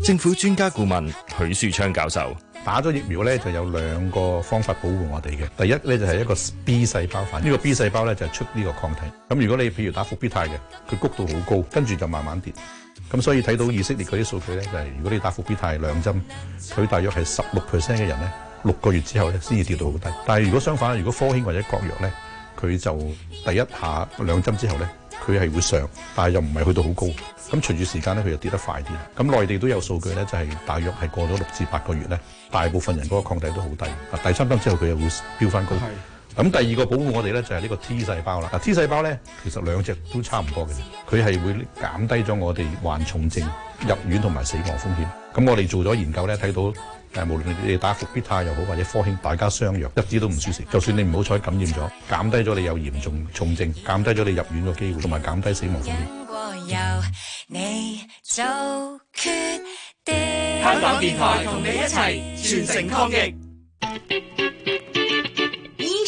，政府專家顧問許樹昌教授。打咗疫苗呢，就有兩個方法保護我哋嘅。第一呢，就係一個 B 細胞反應，呢、呢個 B 佢係會上，但係又唔係去到好高。咁隨住時間咧，佢又跌得快啲。咁內地都有數據咧，就係大約係過咗六至八個月咧，大部分人嗰個抗體都好低。啊，第三針之後佢又會飆翻高。咁，第二個保護我哋咧就係呢個 T 細胞啦。啊，T 細胞咧其實兩隻都差唔多嘅。佢係會減低咗我哋患重症、入院同埋死亡風險。咁我哋做咗研究咧，睇到。但無論你哋打復必泰又好，或者科興，大家相約一啲都唔舒適。就算你唔好彩感染咗，減低咗你有嚴重重症，減低咗你入院嘅機會，同埋減低死亡風險。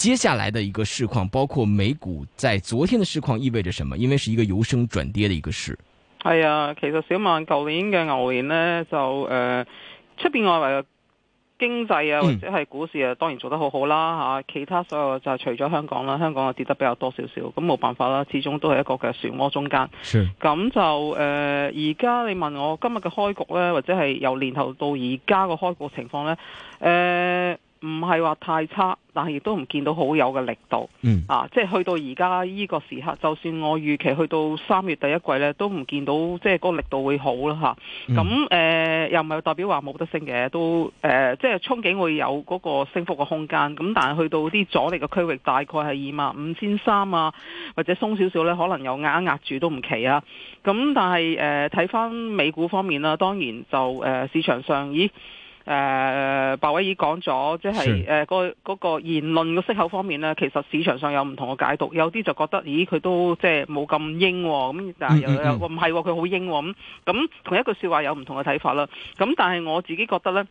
接下來的一個市況，包括美股在昨天的市況意味着什麼？因為是一個由升轉跌的一個市。係啊，其實小曼舊年嘅牛年呢，就誒出邊外圍嘅經濟啊，或者係股市啊，嗯，當然做得好好啦吓。其他所有就係除咗香港啦，香港啊跌得比較多少少，咁冇辦法啦，始終都係一個嘅漩渦中間。咁就誒，而家你問我今日嘅開局呢，或者係由年頭到而家個開局情況呢？誒、呃。唔係話太差，但係亦都唔見到好有嘅力度。嗯啊，即係去到而家依個時刻，就算我預期去到三月第一季呢，都唔見到即係嗰個力度會好啦嚇。咁誒又唔係代表話冇得升嘅，都誒、呃、即係憧憬會有嗰個升幅嘅空間。咁但係去到啲阻力嘅區域，大概係二萬五千三啊，或者鬆少少呢，可能有壓壓住都唔奇啊。咁但係誒睇翻美股方面啦，當然就誒、呃、市場上咦？誒、uh,，鮑威爾講咗，即係誒嗰個言論嘅息口方面咧，其實市場上有唔同嘅解讀，有啲就覺得，咦，佢都即係冇咁英喎、哦，咁但係又 uh, uh, uh. 又唔係佢好英咁、哦，咁同一句説話有唔同嘅睇法啦。咁但係我自己覺得咧。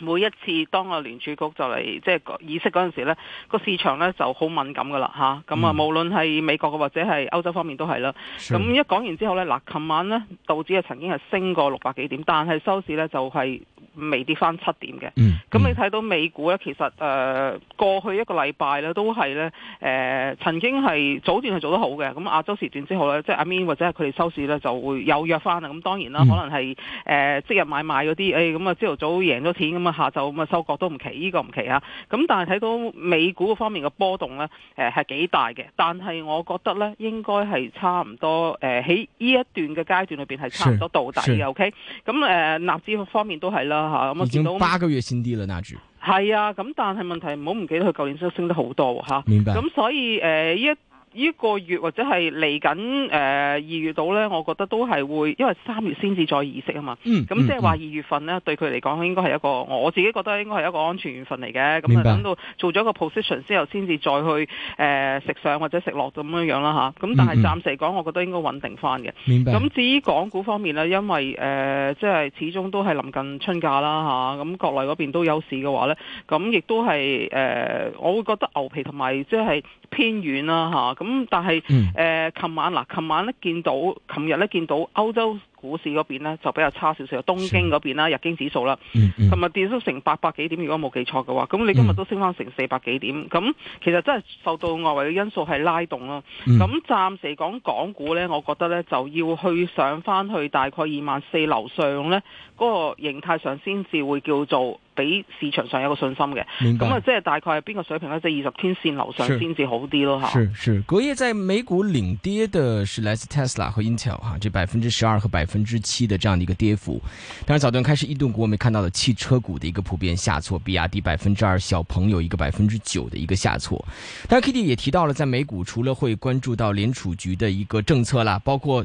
每一次當個聯儲局就嚟即係議息嗰陣時呢個市場呢就好敏感噶啦吓咁啊，無論係美國嘅或者係歐洲方面都係啦。咁一講完之後呢，嗱，琴晚呢，道指啊曾經係升過六百幾點，但係收市呢就係微跌翻七點嘅。咁、嗯嗯、你睇到美股呢，其實誒、呃、過去一個禮拜呢都係呢，誒、呃、曾經係早段係做得好嘅，咁亞洲時段之後呢，即係阿 Min 或者係佢哋收市呢就會又弱翻啦咁當然啦、嗯，可能係、呃、即日買賣嗰啲，咁啊朝頭早贏咗錢。咁啊，下晝咁啊，收割都唔奇，呢、這個唔奇哈。咁但係睇到美股方面嘅波動咧，誒係幾大嘅。但係我覺得咧，應該係差唔多。誒喺呢一段嘅階段裏邊係差唔多到底嘅。O K。咁誒、okay? 嗯、呃，納指方面都係啦，吓、啊。咁我見到八個月新低啦，納指係啊，咁但係問題唔好唔記得佢舊年真係升得好多吓、啊。明白。咁所以誒依、呃、一。呢、這個月或者係嚟緊二月度呢，我覺得都係會，因為三月先至再議息啊嘛。嗯。咁即係話二月份呢，嗯、對佢嚟講應該係一個，我自己覺得應該係一個安全月份嚟嘅。明白。咁啊，就等到做咗個個 position 之後，先至再去誒、呃、食上或者食落咁樣樣啦嚇。咁但係暫時嚟講，我覺得應該穩定翻嘅。咁、嗯嗯、至於港股方面呢，因為誒即係始終都係臨近春假啦嚇，咁、啊啊、國內嗰邊都休市嘅話呢，咁、啊、亦都係誒、呃、我會覺得牛皮同埋即係偏軟啦嚇。啊。咁但係誒，琴、嗯呃、晚嗱，琴晚咧見到，琴日咧見到歐洲股市嗰邊咧就比較差少少，東京嗰邊啦，日經指數啦，同、嗯、埋、嗯、跌咗成八百幾點，如果冇記錯嘅話，咁你今日都升翻成四百幾點，咁、嗯、其實真係受到外圍嘅因素係拉動囉。咁、嗯、暫時講港股咧，我覺得咧就要去上翻去大概二萬四樓上咧，嗰、那個形態上先至會叫做。比市場上有個信心嘅，咁啊即係大概係邊個水平咧？即係二十天線樓上先至好啲咯嚇。是是，隔夜即美股領跌的是萊斯特斯拉，是來自 Tesla 和 Intel 哈，即百分之十二和百分之七的這樣的一個跌幅。當然早段開始，一頓股，我們看到了汽車股的一個普遍下挫，比亞迪百分之二，小鵬有一個百分之九的一個下挫。但 Kitty 也提到了，在美股除了會關注到聯儲局的一個政策啦，包括。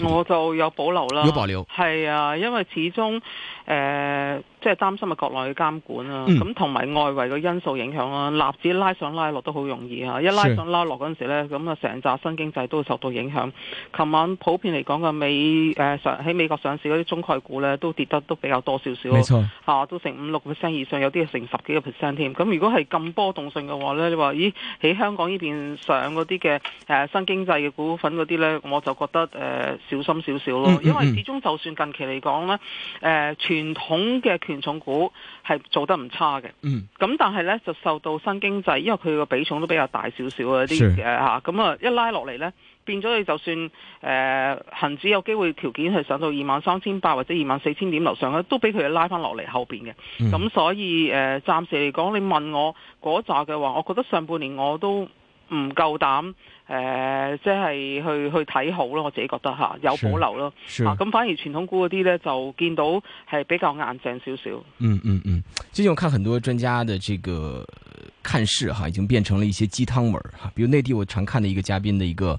我就有保留啦，係、嗯、啊，因為始終，誒、呃，即係擔心嘅國內嘅監管啊，咁同埋外圍嘅因素影響啊，納指拉上拉落都好容易啊，一拉上拉落嗰陣時咧，咁啊成紮新經濟都會受到影響。琴晚普遍嚟講嘅美誒上喺美國上市嗰啲中概股咧，都跌得都比較多少少，吓、啊、都成五六 percent 以上，有啲係成十幾個 percent 添。咁如果係咁波動性嘅話咧，你話咦喺香港呢邊上嗰啲嘅誒新經濟嘅股份嗰啲咧，我就覺得誒。呃小心少少咯，因為始終就算近期嚟講呢，誒、嗯嗯呃、傳統嘅權重股係做得唔差嘅，咁、嗯、但係呢，就受到新經濟，因為佢個比重都比較大少少嘅啲嘢吓，咁啊、呃嗯、一拉落嚟呢，變咗你就算誒恆、呃、指有機會條件係上到二萬三千八或者二萬四千點樓上咧，都俾佢拉翻落嚟後邊嘅，咁、嗯、所以誒、呃、暫時嚟講，你問我嗰扎嘅話，我覺得上半年我都唔夠膽。誒、呃，即係去去睇好咯，我自己覺得有保留咯，啊，咁反而傳統股嗰啲咧就見到係比較硬淨少少。嗯嗯嗯，最、嗯、近我看很多專家的這個看市嚇，已經變成了一些雞湯文嚇，比如內地我常看的一個嘉賓的一個。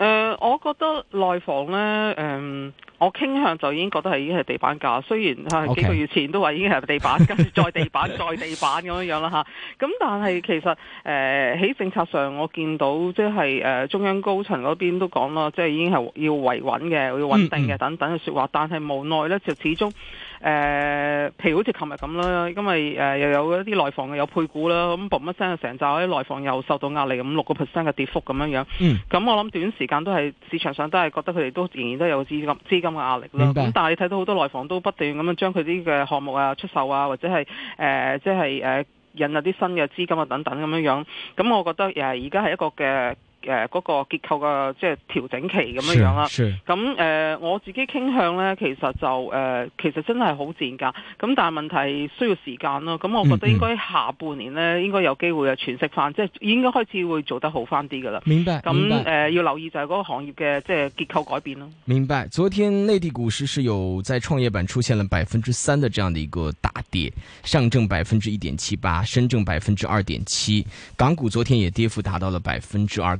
誒、呃，我覺得內房呢，誒、嗯，我傾向就已經覺得係已經係地板價，雖然、okay。幾個月前都話已經係地板，跟住 再地板，再地板咁樣樣啦吓。咁、啊、但係其實誒喺、呃、政策上，我見到即係誒中央高層嗰邊都講啦，即、就、係、是、已經係要維穩嘅，要穩定嘅等等嘅說話，mm-hmm。但係無奈呢，就始終。誒、呃，譬如好似琴日咁啦，因為誒、呃、又有一啲內房嘅有配股啦，咁噚一聲，成紮啲內房又受到壓力，五六個 percent 嘅跌幅咁樣樣。咁、嗯嗯、我諗短時間都係市場上都係覺得佢哋都仍然都有資金資金嘅壓力啦。明白。咁但係你睇到好多內房都不斷咁樣將佢啲嘅項目啊出售啊，或者係誒、呃、即係誒、呃、引入啲新嘅資金啊等等咁樣樣。咁、嗯、我覺得而家係一個嘅。誒、呃，嗰，那個結構嘅即係調整期咁樣樣啦。咁誒、嗯、呃，我自己傾向呢，其實就誒、呃，其實真係好賤噶。咁但係問題需要時間咯。咁我覺得應該下半年呢，應該有機會啊，喘息翻，即係應該開始會做得好翻啲噶啦。明白。咁誒、嗯、呃，要留意就係嗰個行業嘅即係結構改變咯。明白。昨天內地股市是有在創業板出現了百分之三的這樣的一個大跌，上證百分之一點七八，深證百分之二點七，港股昨天也跌幅達到了百分之二。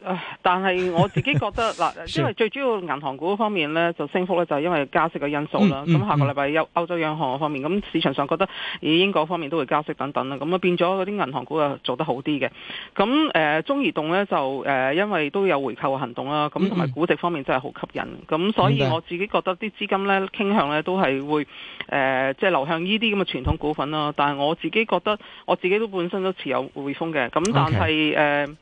但係我自己覺得嗱，因為最主要銀行股方面呢就升幅呢，就係因為加息嘅因素啦。咁、嗯嗯、下個禮拜歐，歐洲央行方面，咁市場上覺得以英國方面都會加息等等啦。咁啊變咗嗰啲銀行股啊做得好啲嘅。咁誒中移動呢，就誒因為都有回購行動啦。咁同埋估值方面真係好吸引。咁所以我自己覺得啲資金呢傾向呢都係會誒即係流向呢啲咁嘅傳統股份啦。但係我自己覺得我自己都本身都持有匯豐嘅。咁但係誒。Okay.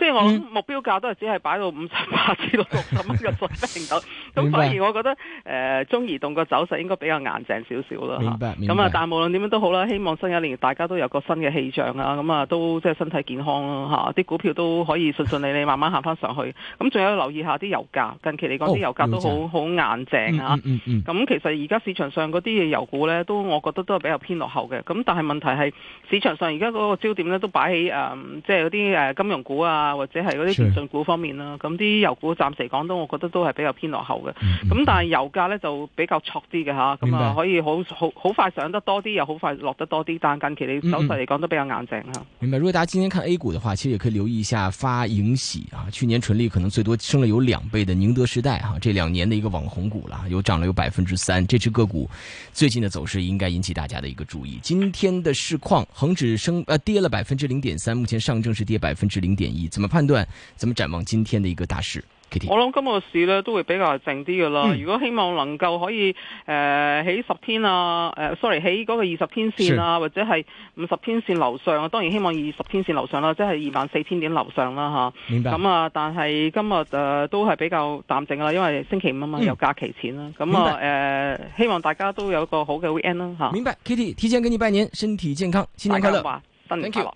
即係我目標價都係只係擺到五十八至到六十蚊嘅水平度，咁反而我覺得誒、呃、中移動個走勢應該比較硬淨少少啦咁啊，但係無論點樣都好啦，希望新一年大家都有個新嘅氣象啊，咁啊都即係身體健康咯啲、啊、股票都可以順順利利慢慢行翻上去。咁、啊、仲有留意下啲油價，近期嚟講啲油價都好好硬淨、嗯、啊。咁、嗯嗯、其實而家市場上嗰啲嘅油股咧，都我覺得都係比較偏落後嘅。咁但係問題係市場上而家嗰個焦點咧都擺喺誒，即係嗰啲金融股啊。或者係嗰啲電訊股方面啦、啊，咁啲油股暫時嚟講都我覺得都係比較偏落後嘅，咁、嗯、但係油價呢、嗯、就比較挫啲嘅吓，咁啊可以好好好快上得多啲，又好快落得多啲，但近期你手勢嚟講都比較硬淨吓、嗯嗯。明白，如果大家今天看 A 股的話，其實也可以留意一下發盈喜啊，去年純利可能最多升了有兩倍的寧德時代哈、啊，這兩年的一個網紅股啦，有漲了有百分之三，這隻個股最近的走勢應該引起大家的一個注意。今天的市況恒，恒指升啊跌了百分之零點三，目前上證是跌百分之零點一。怎麼判斷？怎麼展望今天的一個大市？Kitty，我諗今日市呢都會比較靜啲噶啦。如果希望能夠可以誒喺、呃、十天啊，誒、呃、，sorry 喺嗰個二十天線啊，是或者係五十天線樓上啊，當然希望二十天線樓上啦，即、就、係、是、二萬四千點樓上啦吓。明白。咁啊，但係今日誒、呃、都係比較淡靜啦，因為星期五啊嘛、嗯，有假期前啦。咁、嗯、啊，誒、呃，希望大家都有一個好嘅 weekend 啦、啊、吓。明白。Kitty，提前給你拜年，身體健康，新年快樂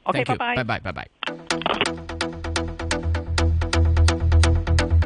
，OK 拜，拜拜，拜拜。